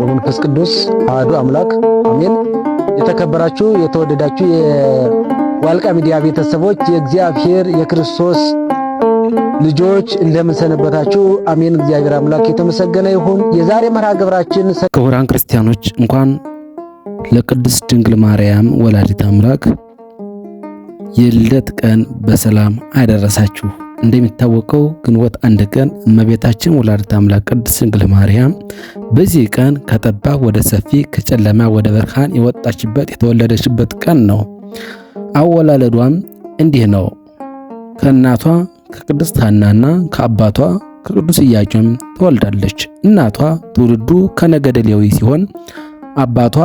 በመንፈስ ቅዱስ አሐዱ አምላክ አሜን። የተከበራችሁ የተወደዳችሁ የዋልቃ ሚዲያ ቤተሰቦች የእግዚአብሔር የክርስቶስ ልጆች እንደምንሰነበታችሁ አሜን። እግዚአብሔር አምላክ የተመሰገነ ይሁን። የዛሬ መርሃ ግብራችን ክቡራን ክርስቲያኖች እንኳን ለቅድስት ድንግል ማርያም ወላዲት አምላክ የልደት ቀን በሰላም አደረሳችሁ። እንደሚታወቀው ግንቦት አንድ ቀን እመቤታችን ወላዲተ አምላክ ቅድስት ድንግል ማርያም በዚህ ቀን ከጠባብ ወደ ሰፊ ከጨለማ ወደ ብርሃን የወጣችበት የተወለደችበት ቀን ነው። አወላለዷም እንዲህ ነው። ከእናቷ ከቅድስት ሐናና ከአባቷ ከቅዱስ ኢያቄም ትወልዳለች። እናቷ ትውልዱ ከነገደ ሌዊ ሲሆን አባቷ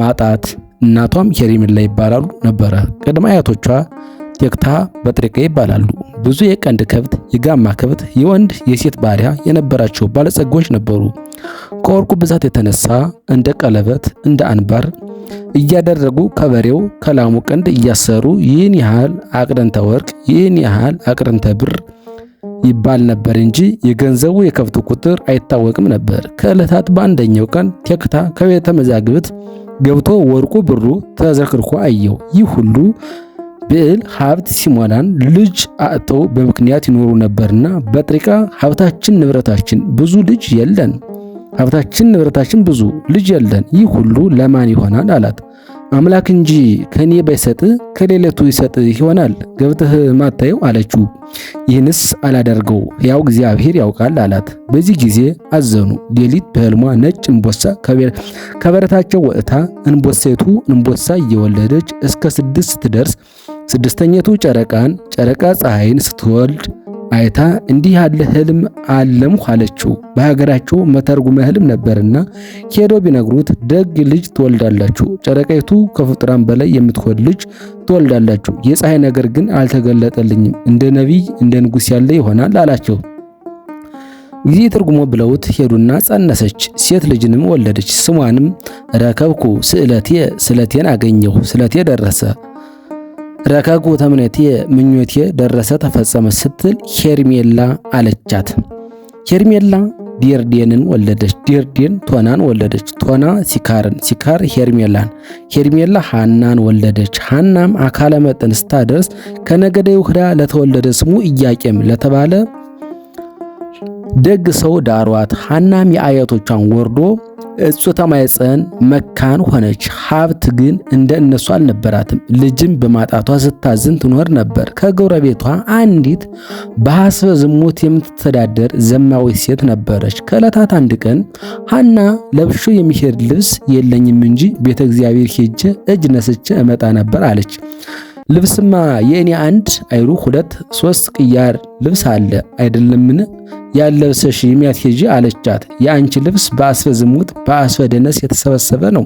ማጣት እናቷም የሪምላ ይባላሉ ነበረ። ቅድመ አያቶቿ ቴክታ በጥሪቃ ይባላሉ። ብዙ የቀንድ ከብት፣ የጋማ ከብት፣ የወንድ የሴት ባሪያ የነበራቸው ባለጸጎች ነበሩ። ከወርቁ ብዛት የተነሳ እንደ ቀለበት፣ እንደ አንባር እያደረጉ ከበሬው ከላሙ ቀንድ እያሰሩ ይህን ያህል አቅረንተ ወርቅ፣ ይህን ያህል አቅረንተ ብር ይባል ነበር እንጂ የገንዘቡ የከብቱ ቁጥር አይታወቅም ነበር። ከዕለታት በአንደኛው ቀን ቴክታ ከቤተ መዛግብት ገብቶ ወርቁ ብሩ ተዘርክርኮ አየው። ይህ ሁሉ ብዕል ሀብት ሲሞላን ልጅ አጥተው በምክንያት ይኖሩ ነበርና በጥሪቃ ሀብታችን ንብረታችን ብዙ ልጅ የለን፣ ሀብታችን ንብረታችን ብዙ ልጅ የለን፣ ይህ ሁሉ ለማን ይሆናል አላት። አምላክ እንጂ ከኔ ባይሰጥ ከሌለቱ ይሰጥ ይሆናል ገብተህ ማታየው አለችው። ይህንስ አላደርገው ያው እግዚአብሔር ያውቃል አላት። በዚህ ጊዜ አዘኑ። ሌሊት በህልሟ ነጭ እንቦሳ ከበረታቸው ወጥታ እንቦሴቱ እንቦሳ እየወለደች እስከ ስድስት ትደርስ ስድስተኛቱ ጨረቃን ጨረቃ ፀሐይን ስትወልድ አይታ እንዲህ ያለ ህልም አለምሁ አለችው። በሀገራቸው መተርጉመ ህልም ነበርና ሄዶ ቢነግሩት ደግ ልጅ ትወልዳላችሁ፣ ጨረቃይቱ ከፍጥራን በላይ የምትሆን ልጅ ትወልዳላችሁ። የፀሐይ ነገር ግን አልተገለጠልኝም፣ እንደ ነቢይ እንደ ንጉሥ ያለ ይሆናል አላቸው። ጊዜ ትርጉሞ ብለውት ሄዱና ጸነሰች፣ ሴት ልጅንም ወለደች። ስሟንም ረከብኩ ስእለቴ፣ ስለቴን አገኘሁ፣ ስለቴ ደረሰ ረከጉ ተምኔቴ ምኞቴ ደረሰ ተፈጸመ ስትል ሄርሜላ አለቻት። ሄርሜላ ዴርዴንን ወለደች። ዴርዴን ቶናን ወለደች። ቶና ሲካርን፣ ሲካር ሄርሜላን፣ ሄርሜላ ሃናን ወለደች። ሃናም አካለ መጠን ስታደርስ ከነገደ ይሁዳ ለተወለደ ስሙ ኢያቄም ለተባለ ደግ ሰው ዳሯት። ሃናም የአያቶቿን ወርዶ እጾታ ማኅፀን መካን ሆነች። ሀብት ግን እንደ እነሱ አልነበራትም። ልጅም በማጣቷ ስታዝን ትኖር ነበር። ከጎረቤቷ አንዲት በሐስበ ዝሙት የምትተዳደር ዘማዊት ሴት ነበረች። ከዕለታት አንድ ቀን ሐና ለብሾ የሚሄድ ልብስ የለኝም እንጂ ቤተ እግዚአብሔር ሄጄ እጅ ነስቼ እመጣ ነበር አለች። ልብስማ የእኔ አንድ አይሩ ሁለት ሶስት ቅያር ልብስ አለ አይደለምን? ያለብሰሽ የሚያትሄጂ አለቻት። የአንቺ ልብስ በአስፈ ዝሙት በአስፈ ደነስ የተሰበሰበ ነው።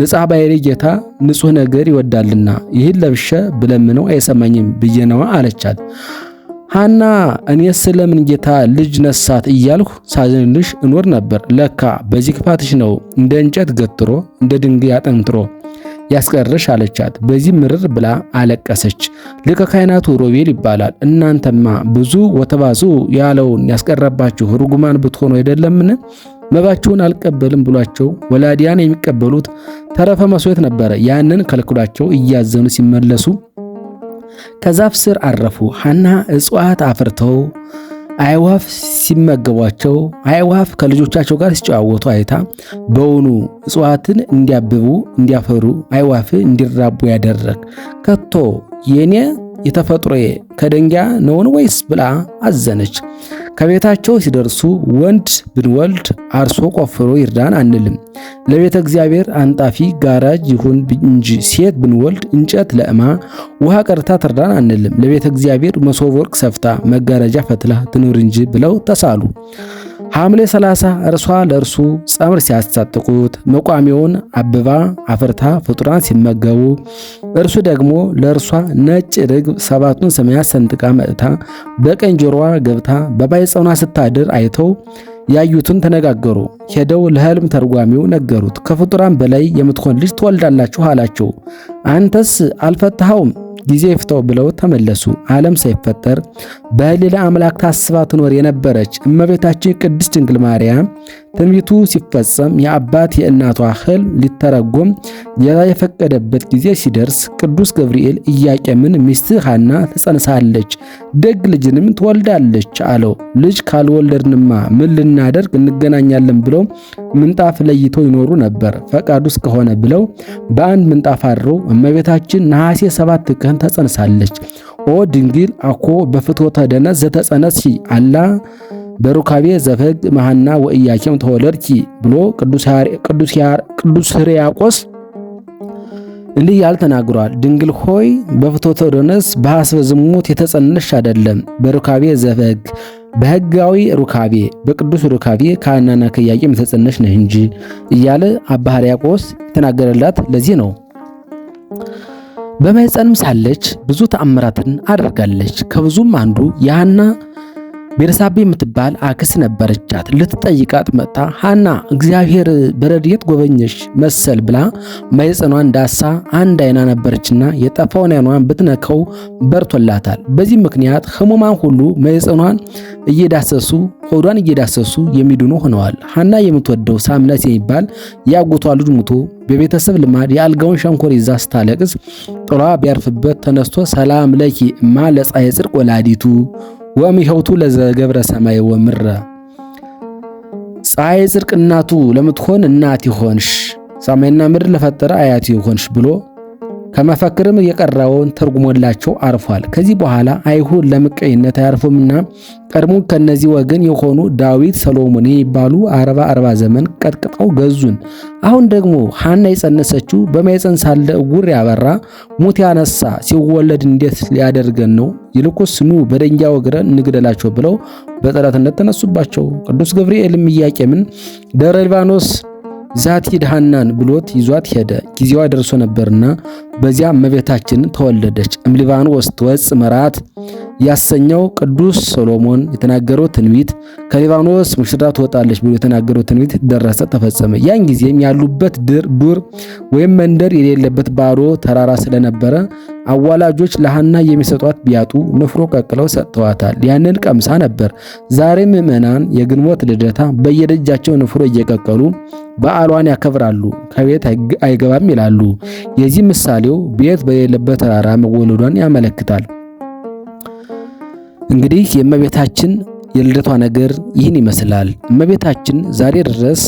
ንጻሕ ባሕሪ ጌታ ንጹሕ ነገር ይወዳልና ይህን ለብሼ ብለምነው አይሰማኝም ብዬ ነዋ አለቻት። ሃና እኔ ስለምን ጌታ ልጅ ነሳት እያልሁ ሳዝንልሽ እኖር ነበር። ለካ በዚህ ክፋትሽ ነው እንደ እንጨት ገትሮ እንደ ድንጋይ አጠንጥሮ ያስቀርሽ አለቻት። በዚህ ምርር ብላ አለቀሰች። ሊቀ ካህናቱ ሮቤል ይባላል። እናንተማ ብዙ ወተባዙ ያለውን ያስቀረባችሁ ርጉማን ብትሆኑ አይደለምን? መባችሁን አልቀበልም ብሏቸው ወላዲያን የሚቀበሉት ተረፈ መስዋዕት ነበረ። ያንን ከልክሏቸው እያዘኑ ሲመለሱ ከዛፍ ስር አረፉ። ሐና እጽዋት አፍርተው አይዋፍ ሲመገቧቸው አይዋፍ ከልጆቻቸው ጋር ሲጨዋወቱ አይታ በውኑ እጽዋትን እንዲያብቡ እንዲያፈሩ አይዋፍ እንዲራቡ ያደረግ ከቶ የኔ የተፈጥሮዬ ከደንጊያ ነውን ወይስ ብላ አዘነች። ከቤታቸው ሲደርሱ ወንድ ብንወልድ አርሶ ቆፍሮ ይርዳን አንልም፣ ለቤተ እግዚአብሔር አንጣፊ ጋራጅ ይሁን እንጂ። ሴት ብንወልድ እንጨት ለእማ ውሃ ቀርታ ትርዳን አንልም፣ ለቤተ እግዚአብሔር መሶብ ወርቅ ሰፍታ መጋረጃ ፈትላ ትኑር እንጂ ብለው ተሳሉ። ሐምሌ 30 እርሷ ለእርሱ ጸምር ሲያስታጥቁት መቋሚውን አብባ አፍርታ ፍጡራን ሲመገቡ እርሱ ደግሞ ለእርሷ ነጭ ርግብ ሰባቱን ሰማያት ሰንጥቃ መጥታ በቀኝ ጆሮዋ ገብታ በባይፀውና ስታድር አይተው ያዩትን ተነጋገሩ። ሄደው ለሕልም ተርጓሚው ነገሩት። ከፍጡራን በላይ የምትሆን ልጅ ትወልዳላችሁ አላቸው። አንተስ አልፈታኸውም ጊዜ ይፍጠው ብለው ተመለሱ። ዓለም ሳይፈጠር በሌላ አምላክ ታስባ ትኖር የነበረች እመቤታችን ቅድስት ድንግል ማርያም ትንቢቱ ሲፈጸም የአባት የእናቷ እህል ሊተረጎም ጌታ የፈቀደበት ጊዜ ሲደርስ ቅዱስ ገብርኤል ኢያቄምን ሚስትህ ሐና ትጸንሳለች፣ ደግ ልጅንም ትወልዳለች አለው። ልጅ ካልወለድንማ ምን ልናደርግ እንገናኛለን ብለው ምንጣፍ ለይተው ይኖሩ ነበር። ፈቃዱ እስከሆነ ብለው በአንድ ምንጣፍ አድረው እመቤታችን ነሐሴ ሰባት ቀን ተጸንሳለች። ኦ ድንግል አኮ በፍትወተ ደነዝ ዘተጸነስሺ አላ በሩካቤ ዘፈግ መሐና ወእያኬም ተወለድኪ ብሎ ቅዱስ ሕርያቆስ እንዲህ ያል ተናግሯል። ድንግል ሆይ በፍቶተ ደነስ በሐስበ ዝሙት የተጸነሽ አይደለም። በሩካቤ ዘፈግ በሕጋዊ ሩካቤ በቅዱስ ሩካቤ ከሐናና ከኢያቄም የተጸነሽ ነህ እንጂ እያለ አባ ሕርያቆስ የተናገረላት ለዚህ ነው። በማኅፀንም ሳለች ብዙ ተአምራትን አድርጋለች። ከብዙም አንዱ የሐና ቤርሳቤ የምትባል አክስ ነበረቻት። ልትጠይቃት መጣ ሃና እግዚአብሔር በረድኤት ጎበኘሽ መሰል ብላ ማኅፀኗን ዳሳ አንድ አይና ነበረችና የጠፋውን አይኗን ብትነከው በርቶላታል። በዚህ ምክንያት ህሙማን ሁሉ ማይጸኗን እየዳሰሱ ሆዷን እየዳሰሱ የሚድኑ ሆነዋል። ሐና የምትወደው ሳምነት የሚባል ያጎቷ ልጅ ሙቶ በቤተሰብ ልማድ የአልጋውን ሸንኮር ይዛ ስታለቅስ ጥሏ ቢያርፍበት ተነስቶ ሰላም ለኪ እማ ለፀሐየ ጽድቅ ወላዲቱ ወሚሆቱ ለዘገብረ ሰማይ ወምረ ፀሐይ ጽድቅ እናቱ ለምትሆን እናት ይሆንሽ ሰማይና ምድር ለፈጠረ አያት ይሆንሽ ብሎ ከመፈክርም የቀረውን ተርጉሞላቸው አርፏል። ከዚህ በኋላ አይሁድ ለምቀኝነት አያርፉምና ቀድሞ ከነዚህ ወገን የሆኑ ዳዊት፣ ሰሎሞን የሚባሉ አርባ አርባ ዘመን ቀጥቅጠው ገዙን። አሁን ደግሞ ሐና የጸነሰችው በማኅፀን ሳለ ዕውር ያበራ ሙት ያነሳ ሲወለድ እንዴት ሊያደርገን ነው? ይልቁስ ኑ በደንጃ ወግረ እንግደላቸው ብለው በጠላትነት ተነሱባቸው። ቅዱስ ገብርኤልም ኢያቄምን ደብረ ሊባኖስ ዛቲ ድሃናን ብሎት ይዟት ሄደ። ጊዜዋ ደርሶ ነበርና በዚያ እመቤታችን ተወለደች። እምሊባን ወስጥ ወፅ መራት ያሰኘው ቅዱስ ሶሎሞን የተናገረው ትንቢት ከሊባኖስ ሙሽራ ትወጣለች ብሎ የተናገረው ትንቢት ደረሰ፣ ተፈጸመ። ያን ጊዜም ያሉበት ዱር ወይም መንደር የሌለበት ባዶ ተራራ ስለነበረ አዋላጆች ለሐና የሚሰጧት ቢያጡ ንፍሮ ቀቅለው ሰጥተዋታል። ያንን ቀምሳ ነበር። ዛሬ ምዕመናን የግንቦት ልደታ በየደጃቸው ንፍሮ እየቀቀሉ በዓሏን ያከብራሉ፣ ከቤት አይገባም ይላሉ። የዚህ ምሳሌው ቤት በሌለበት ተራራ መወለዷን ያመለክታል። እንግዲህ የእመቤታችን የልደቷ ነገር ይህን ይመስላል። እመቤታችን ዛሬ ድረስ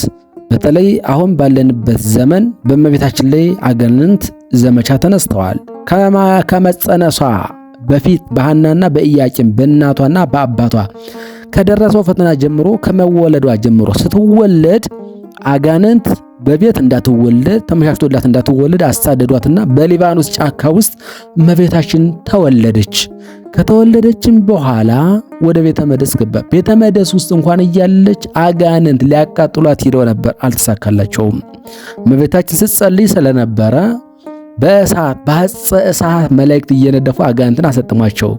በተለይ አሁን ባለንበት ዘመን በእመቤታችን ላይ አጋንንት ዘመቻ ተነስተዋል። ከመጸነሷ በፊት በሐናና በኢያቄም በእናቷና በአባቷ ከደረሰው ፈተና ጀምሮ ከመወለዷ ጀምሮ ስትወለድ አጋንንት በቤት እንዳትወለድ ተመቻችቶላት እንዳትወለድ አሳደዷትና በሊባኖስ ጫካ ውስጥ እመቤታችን ተወለደች። ከተወለደችም በኋላ ወደ ቤተ መደስ ገባ። ቤተ መደስ ውስጥ እንኳን እያለች አጋንንት ሊያቃጥሏት ሂደው ነበር፣ አልተሳካላቸውም። እመቤታችን ስትጸልይ ስለነበረ በእሳት በአጸ እሳት መላእክት እየነደፉ አጋንንትን አሰጥሟቸው።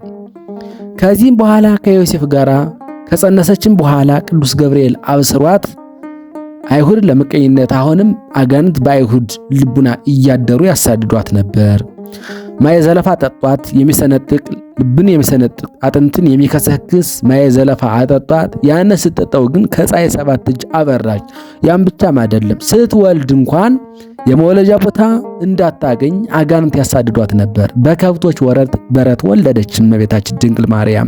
ከዚህም በኋላ ከዮሴፍ ጋር ከጸነሰችም በኋላ ቅዱስ ገብርኤል አብስሯት አይሁድ ለምቀኝነት አሁንም አጋንንት በአይሁድ ልቡና እያደሩ ያሳድዷት ነበር። ማየ ዘለፋ ጠጧት የሚሰነጥቅ ልብን የሚሰነጥቅ አጥንትን የሚከሰክስ ማየ ዘለፋ አጠጧት። ያነ ስትጠጣው ግን ከፀሐይ ሰባት እጅ አበራች። ያም ብቻም አይደለም ስትወልድ እንኳን የመወለጃ ቦታ እንዳታገኝ አጋንንት ያሳድዷት ነበር። በከብቶች ወረት በረት ወለደች እመቤታችን ድንግል ማርያም።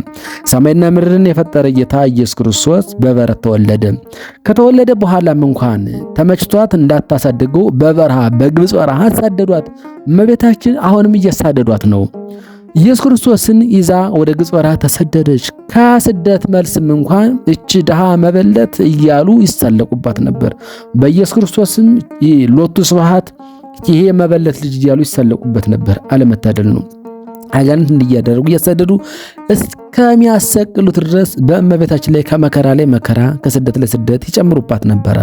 ሰማይና ምድርን የፈጠረ ጌታ ኢየሱስ ክርስቶስ በበረት ተወለደ። ከተወለደ በኋላም እንኳን ተመችቷት እንዳታሳድገው በበረሃ በግብፅ በረሃ አሳደዷት። እመቤታችን አሁንም እያሳደዷት ነው። ኢየሱስ ክርስቶስን ይዛ ወደ ግብፅ በረሃ ተሰደደች። ከስደት መልስም እንኳን እች ድሃ መበለት እያሉ ይሳለቁባት ነበር። በኢየሱስ ክርስቶስም ሎቱ ስብሐት ይሄ መበለት ልጅ እያሉ ይሳለቁበት ነበር። አለመታደል ነው። አጋንንት እንዲያደርጉ እያሳደዱ እስከሚያሰቅሉት ድረስ በእመቤታችን ላይ ከመከራ ላይ መከራ፣ ከስደት ላይ ስደት ይጨምሩባት ነበረ።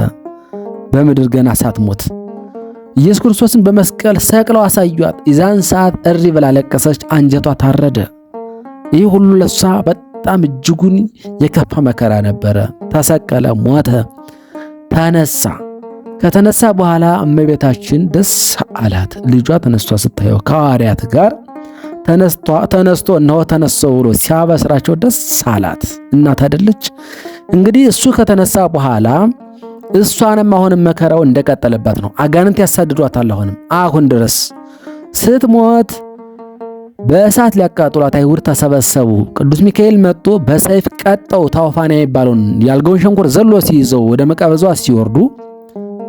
በምድር ገና ሳትሞት ኢየሱስ ክርስቶስን በመስቀል ሰቅለው አሳዩአት። የዛን ሰዓት እሪ ብላ ለቀሰች፣ አንጀቷ ታረደ። ይህ ሁሉ ለሷ በጣም እጅጉን የከፋ መከራ ነበረ። ተሰቀለ፣ ሞተ፣ ተነሳ። ከተነሳ በኋላ እመቤታችን ደስ አላት። ልጇ ተነስቷ ስታየው ከሐዋርያት ጋር ተነስቶ እነሆ ተነሰው ብሎ ሲያበስራቸው ደስ አላት። እናት አይደለች እንግዲህ እሱ ከተነሳ በኋላ እሷንም አሁንም መከራው እንደቀጠለባት ነው። አጋንንት ያሳድዷታል። አሁንም አሁን ድረስ ስትሞት በእሳት ሊያቃጥሏት አይሁድ ተሰበሰቡ። ቅዱስ ሚካኤል መጥቶ በሰይፍ ቀጠው። ታውፋንያ የሚባለውን ያልገውን ሸንኮር ዘሎ ሲይዘው ወደ መቃበዟ ሲወርዱ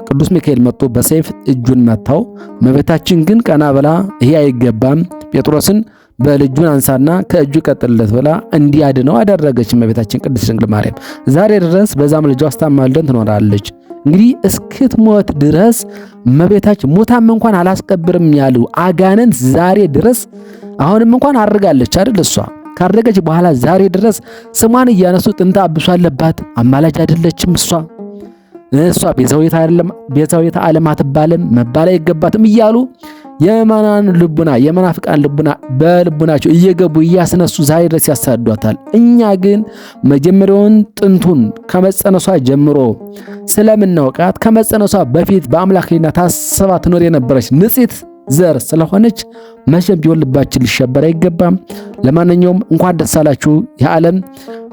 ቅዱስ ሚካኤል መጥቶ በሰይፍ እጁን መታው። መቤታችን ግን ቀና ብላ ይሄ አይገባም ጴጥሮስን በልጁን አንሳና ከእጁ ቀጥልለት ብላ እንዲያድነው አደረገች። እመቤታችን ቅድስት ድንግል ማርያም ዛሬ ድረስ በዛም ልጇ አስታማልደን ትኖራለች። እንግዲህ እስክትሞት ድረስ እመቤታችን ሙታም እንኳን አላስቀብርም ያሉ አጋንንት ዛሬ ድረስ አሁንም እንኳን አድርጋለች አይደል? እሷ ካደረገች በኋላ ዛሬ ድረስ ስሟን እያነሱ ጥንታ አብሶ አለባት። አማላጅ አይደለችም እሷ እሷ ቤዛዊተ ዓለም አትባልም መባል አይገባትም እያሉ የመናን ልቡና የመናፍቃን ልቡና በልቡናቸው እየገቡ እያስነሱ ዛሬ ድረስ ያሳዷታል። እኛ ግን መጀመሪያውን ጥንቱን ከመጸነሷ ጀምሮ ስለምናውቃት ከመጸነሷ በፊት በአምላክና ታስባ ትኖር የነበረች ንጽት ዘር ስለሆነች መቼም ቢሆን ልባችን ሊሸበር አይገባም። ለማንኛውም እንኳን ደስ አላችሁ። የዓለም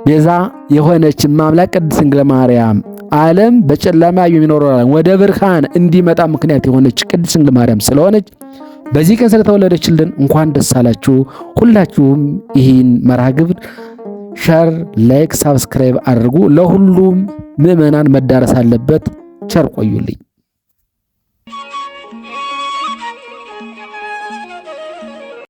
ቤዛ የሆነች እማምላክ ቅድስት ድንግል ማርያም ዓለም በጨለማ የሚኖረው ዓለም ወደ ብርሃን እንዲመጣ ምክንያት የሆነች ቅድስት ድንግል ማርያም ስለሆነች በዚህ ቀን ስለተወለደችልን እንኳን ደስ አላችሁ። ሁላችሁም ይህን መርሃ ግብር ሸር፣ ላይክ፣ ሳብስክራይብ አድርጉ። ለሁሉም ምዕመናን መዳረስ አለበት። ቸር ቆዩልኝ።